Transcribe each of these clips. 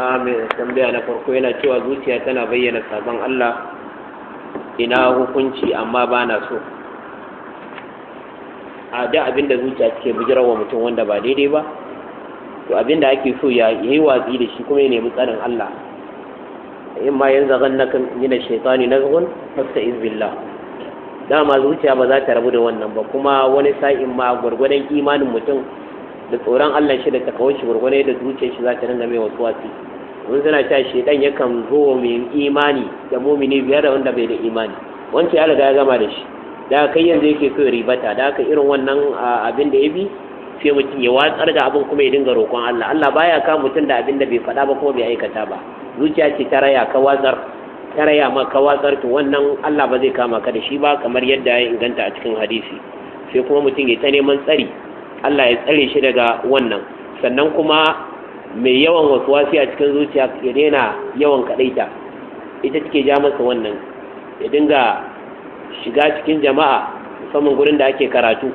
amin tambaya na farko yana cewa zuciya tana bayyana sabon Allah ina hukunci amma ba na so a da abinda da zuciya ke bijirar wa mutum wanda ba daidai ba to abin da ake so ya yi watsi da shi kuma ya nemi tsarin Allah in ma yanzu zan na kan na shaitani na zuwan fasta izbillah dama zuciya ba za ta rabu da wannan ba kuma wani sa'in ma gwargwadon imanin mutum da tsoron Allah shi da takawar shi da zuciyar shi za ta ringa mai wasu wasi mun suna cewa shedan yakan zo mai imani da mumini biyar da wanda bai da imani wancan ya riga ya gama da shi da kai yanzu yake so ribata da haka irin wannan abin da ya bi sai mutum ya watsar da abin kuma ya dinga roƙon Allah Allah baya ka mutum da abin da bai faɗa ba kuma bai aikata ba zuciya ce ta raya ka watsar ta raya ma ka watsar to wannan Allah ba zai kama ka da shi ba kamar yadda ya inganta a cikin hadisi sai kuma mutum ya ta neman tsari Allah ya tsare shi daga wannan sannan kuma mai yawan wasuwasi a cikin zuciya ya daina yawan kadaita ita take ja masa wannan ya dinga shiga cikin jama'a musamman gurin da ake karatu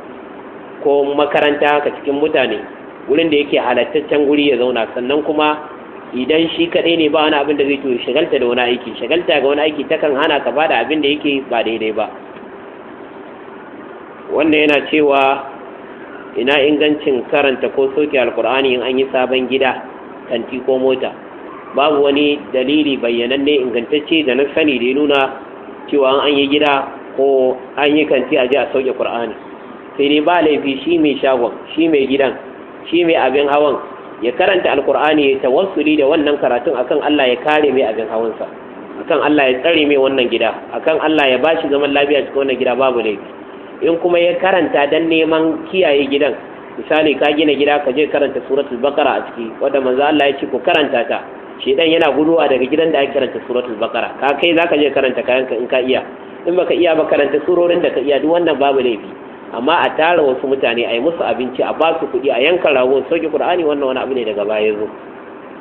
ko makaranta haka cikin mutane gurin da yake halattaccen guri ya zauna sannan kuma idan shi kaɗai ne ba wani abin da zai to shagalta da wani aiki shagalta ga wani aiki takan hana ka bada abin da yake ba daidai ba wannan yana cewa ina ingancin karanta ko soke alkur'ani in an yi sabon gida kanti ko mota babu wani dalili bayyananne ingantacce da na sani da ya nuna cewa an yi gida ko an yi kanti a ji a sauke qur'ani sai ne ba laifi shi mai shagon shi mai gidan shi mai abin hawan ya karanta alkur'ani ya tawassuli da wannan karatun akan Allah ya kare mai abin hawansa akan Allah ya tsare mai wannan gida akan Allah ya bashi zaman lafiya cikin wannan gida babu laifi in kuma ya karanta dan neman kiyaye gidan misali ka gina gida ka je karanta suratul bakara a ciki wanda manzo Allah ya ce ku karanta ta shedan yana guduwa daga gidan da ake karanta suratul bakara ka kai zaka je karanta kayanka in ka iya in baka iya ba karanta surorin da ka iya duk wannan babu laifi amma a tara wasu mutane a yi musu abinci a ba su kuɗi a yanka rago sauke qur'ani wannan wani abu ne daga baya zo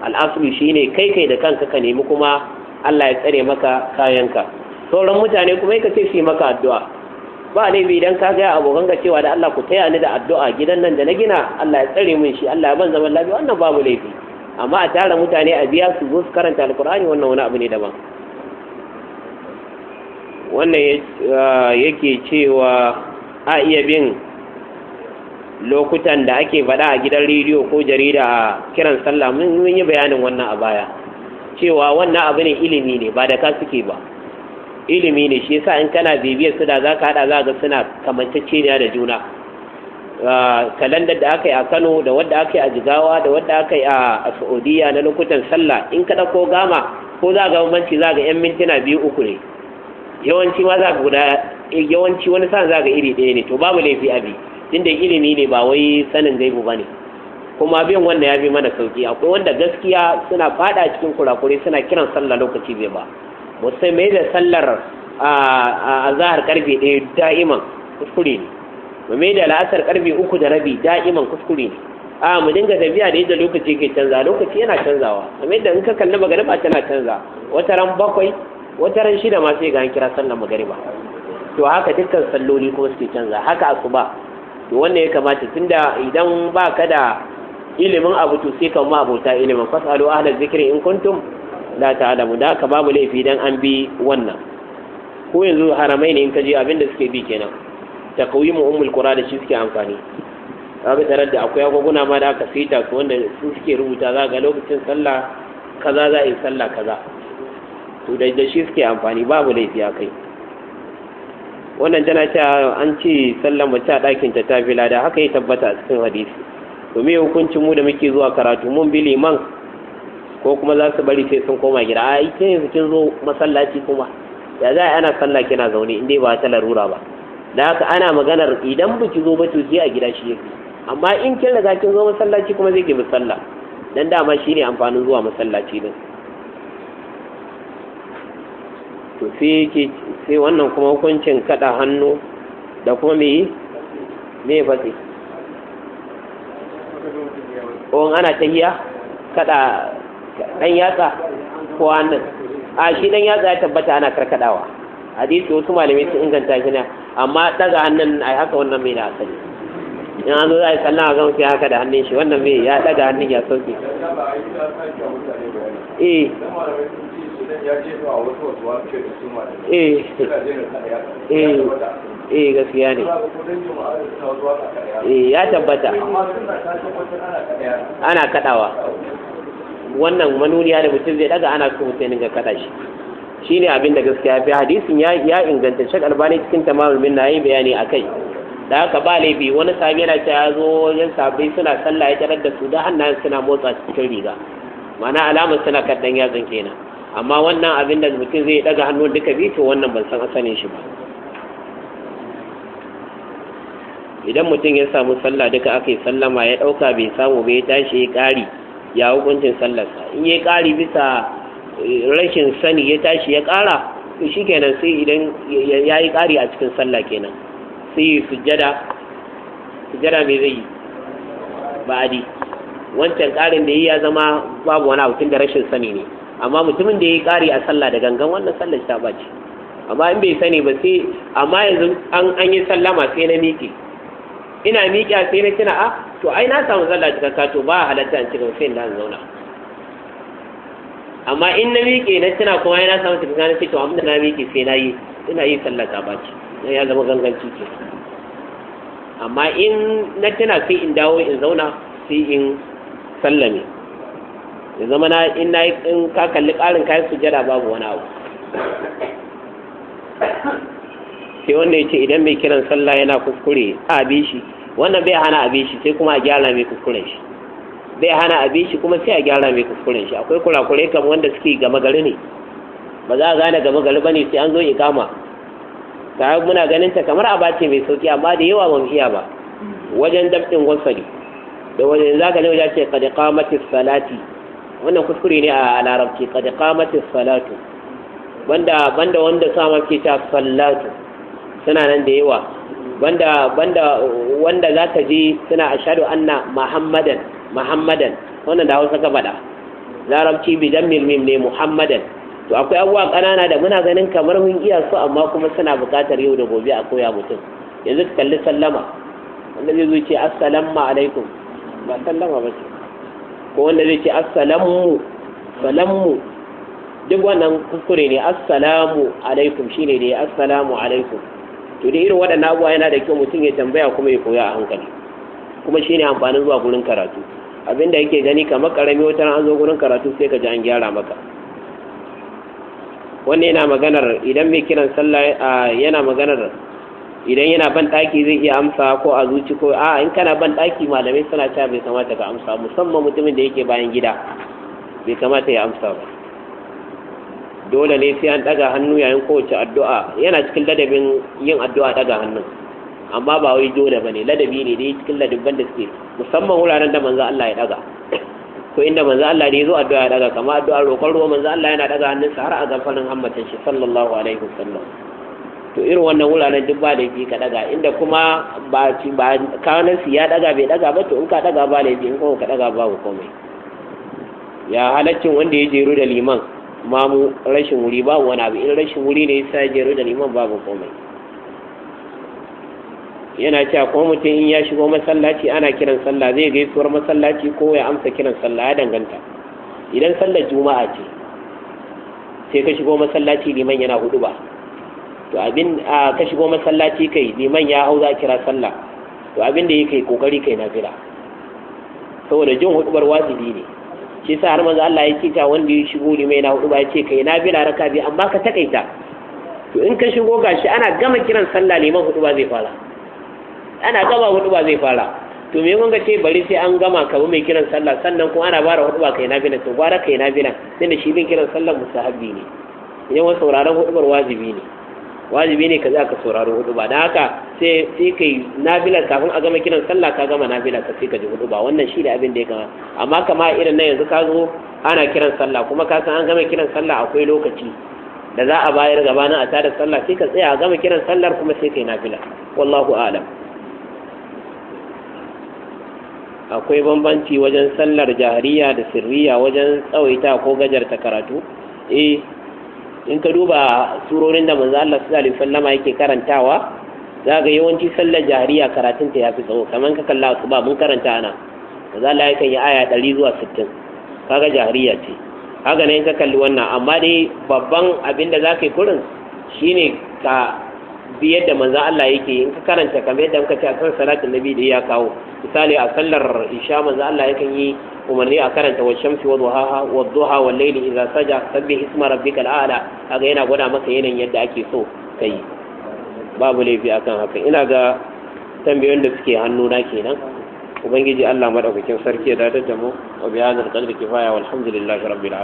al'asulu shine kai kai da kanka ka nemi kuma Allah ya tsare maka kayanka sauran mutane kuma ka ce shi maka addu'a ba laifi idan ka gaya abokan ka cewa da Allah ku taya ni da addu'a gidan nan da na gina Allah ya tsare min shi Allah ya ban zaman lafiya wannan babu laifi amma a tara mutane a biya su zo su karanta alkur'ani wannan wani abu ne daban wannan yake cewa a iya bin lokutan da ake faɗa a gidan rediyo ko jarida a kiran sallah mun yi bayanin wannan a baya cewa wannan abu ne ilimi ne ba da ka suke ba ilimi ne shi yasa in kana bibiyar su da za ka haɗa za ga suna ne da juna ah, kalandar da aka yi a kano da wadda aka yi a jigawa da wadda aka yi a saudiya na lokutan sallah in ka ko gama ko za ga bambanci za ga yan mintuna biyu uku ne yawanci ma za guda yawanci wani sa za ga iri ɗaya ne to babu laifi abi tunda ilimi ne ba wai sanin gaibu ba ne kuma bin wannan ya fi mana sauki akwai wanda gaskiya suna faɗa cikin kurakure suna kiran sallah lokaci bai ba mutum mai da sallar a zahar karfe ɗaya da'iman kuskure ne mu mai da la'asar karfe uku da rabi da'iman kuskure ne a mu dinga tafiya da yadda lokaci ke canza lokaci yana canzawa kamar yadda in ka kalli magariba tana canza wata ran bakwai wata ran shida ma sai ga an kira sallar magariba to haka dukkan salloli kuma suke canza haka ba to wannan ya kamata tunda idan ba ka da ilimin abu to sai kan ma abota ilimin fasalu ahlal zikri in kuntum la ta'lamu da haka babu laifi dan an bi wannan ko yanzu haramai ne in ka je abin da suke bi kenan taqwimu umul qura da shi suke amfani kaga tarar da akwai agwaguna ma da aka fita su wanda su suke rubuta za ga lokacin sallah kaza za a yi sallah kaza to da shi suke amfani babu laifi a kai wannan tana cewa an ce sallar mace a ɗakin ta ta da haka ya tabbata a cikin hadisi to me hukuncin mu da muke zuwa karatu mun bi liman ko kuma za su bari sai sun koma gida a ita yanzu kin zo masallaci kuma ya za ana sallah kina zaune in dai ba ta larura ba da haka ana maganar idan ba ki zo ba to je a gida shi yake amma in kin riga kin zo masallaci kuma zai ke musalla dan dama shine amfanin zuwa masallaci din to sai yake sai wannan kuma hukuncin kada hannu da kuma me me fatsi ko ana tahiya kada dan yatsa ko wannan a shi dan yatsa ya tabbata ana karkadawa hadisi wasu malamai sun inganta shi ne amma daga hannun a haka wannan mai da asali in an zo za a yi sallah a gama sai haka da hannun shi wannan mai ya daga hannun ya sauke eh. Eh. eh eh gaskiya ne eh ya tabbata ana kadawa wannan manuniya da mutum zai daga ana so sai ninga kada shi shine abin da gaskiya fi hadisin ya ya inganta shak albani cikin tamamul min nayi bayani akai da haka ba laifi wani sabi yana cewa ya zo wajen sahabbai suna sallah ya tarar da su da hannayen suna motsa cikin riga ma'ana alamar suna ya dan yatsun kenan amma wannan abin da mutum zai daga hannun duka biyu to wannan ban san asalin shi ba idan mutum ya samu sallah duka aka yi sallama ya ɗauka bai samu bai tashi ya kari ya hukuncin sallarsa in ya ƙari bisa eh, rashin sani ya tashi ya ƙara to shi kenan sai idan ya yi ƙari a cikin sallah kenan sai yi sujjada sujjada mai zai yi ba'adi wancan ƙarin da yi ya zama babu wani abu da rashin sani ne amma mutumin da ya yi ƙari a sallah da gangan wannan sallar ta ɓaci amma in bai sani ba sai amma yanzu an yi sallama sai na miƙe ina miƙa sai na kina a ah, to ai na samu zalla cikin kato ba halatta in cikin sai in zauna amma in na miƙe na kina kuma ai na samu cikin na ce to amma na miƙe sai na yi ina yi sallah ta baci ya zama ganganci ce. amma in na kina sai in dawo in zauna sai in sallame ya zama na in na in ka kalli ƙarin kayan sujada babu wani abu sai wanda ya ce idan mai kiran sallah yana kuskure a bi shi wannan bai hana a bi shi sai kuma a gyara mai kuskuren shi bai hana a bi shi kuma sai a gyara mai kuskuren shi akwai kurakurai kan wanda suke gama gari ne ba za a gane gama gari ba ne sai an zo ikama ta muna ganin ta kamar a bace mai sauki amma da yawa ban iya ba wajen dabtin wasali da wajen za ka ne wajen ce kada kamatis salati wannan kuskure ne a larabci kada kamatis salatu banda banda wanda sama ke ta sallatu suna nan da yawa wanda wanda wanda za ka je suna ashadu anna muhammadan muhammadan wannan da hausa ka faɗa larabci bi dan mim ne muhammadan to akwai abubuwa ƙanana da muna ganin kamar mun iya su amma kuma suna buƙatar yau da gobe a koya mutum yanzu ka kalli sallama wanda zai zo ce assalamu alaikum ba sallama ba ce ko wanda zai ce assalamu salamu duk wannan kuskure ne assalamu alaikum shine ne assalamu alaikum to da irin waɗannan abubuwa yana da kyau mutum ya tambaya kuma ya koya a hankali kuma shine amfanin zuwa gurin karatu abinda yake gani kamar karami wata an zo gurin karatu sai ka ji an gyara maka wannan yana maganar idan mai kiran sallah yana maganar idan yana ban ɗaki zai iya amsa ko a zuci ko a in kana ban ɗaki malamai suna cewa bai kamata ka amsa musamman mutumin da yake bayan gida bai kamata ya amsa ba dole ne sai an daga hannu yayin kowace addu'a yana cikin ladabin yin addu'a daga hannun amma ba wai dole bane ladabi ne dai cikin ladabban da suke musamman wuraren da manzo Allah ya daga ko inda manzo Allah ne ya zo addu'a ya daga kamar addu'a roƙon ruwa manzo Allah yana daga hannun sa har a gafanin hammatan shi sallallahu alaihi wasallam to irin wannan wuraren duk ba da ka daga inda kuma ba ba su ya daga bai daga ba to in ka daga ba laifi in ko ka daga babu komai ya halaccin wanda ya jeru da liman mamu rashin wuri babu wani abu in rashin wuri ne sa jeru da liman babu komai yana cewa ko mutum in ya shigo masallaci ana kiran sallah zai gaisuwar masallaci ko ya amsa kiran sallah ya danganta idan sallar juma'a ce sai ka shigo masallaci liman yana hudu ba to abin a ka shigo masallaci kai liman ya hau za kira sallah to abin da yake kokari kai jira, saboda jin hudubar wajibi ne shi sa har manzo Allah ya ce ta wanda ya shigo limai na hudu ba ya ce kai na na raka bi amma ka takaita to in ka shigo gashi ana gama kiran sallah liman hudu ba zai fara ana gama hudu ba zai fara to me kun ce bari sai an gama ka mai kiran sallah sannan kuma ana bara hudu ba kai na na to gwara kai na na tunda shi bin kiran sallah musahabi ne yawan sauraron hudu wajibi ne wajibi ne ka za ka saurari hudu ba da haka sai sai ka yi nafilar kafin a gama kiran sallah ka gama nafila ka sai ka ji hudu ba wannan shi da abin da ya gama amma kama irin na yanzu ka zo ana kiran sallah kuma ka san an gama kiran sallah akwai lokaci da za a bayar gabanin a tada sallah sai ka tsaya a gama kiran sallar kuma sai ka nafila wallahu alam akwai bambanci wajen sallar jahariya da sirriya wajen tsawaita ko gajarta karatu eh in ka duba surorin da manzo Allah sallallahu alaihi wasallama yake karantawa za ga yawanci sallar jahiliya karatun ta yafi tsawo kamar ka kalla su ba mun karanta ana manzo Allah yake yi aya 100 zuwa 60 kaga jahiliya ce haka ne ka kalli wannan amma dai babban abin da za yi kurin shine ka bi yadda manzan Allah yake in ka karanta kamar yadda muka ce akan salatin nabi da ya kawo misali a sallar isha manzan Allah yakan yi umarni a karanta wa shamsi wa duhaha wa duha wa laili idza saja sabbih isma rabbikal a'la kaga yana gwada maka yanayin yadda ake so kai babu laifi akan haka ina ga tambayoyin da suke hannu na kenan ubangiji Allah madaukakin sarki ya da mu wa bi hadzal qadri kifaya walhamdulillahi rabbil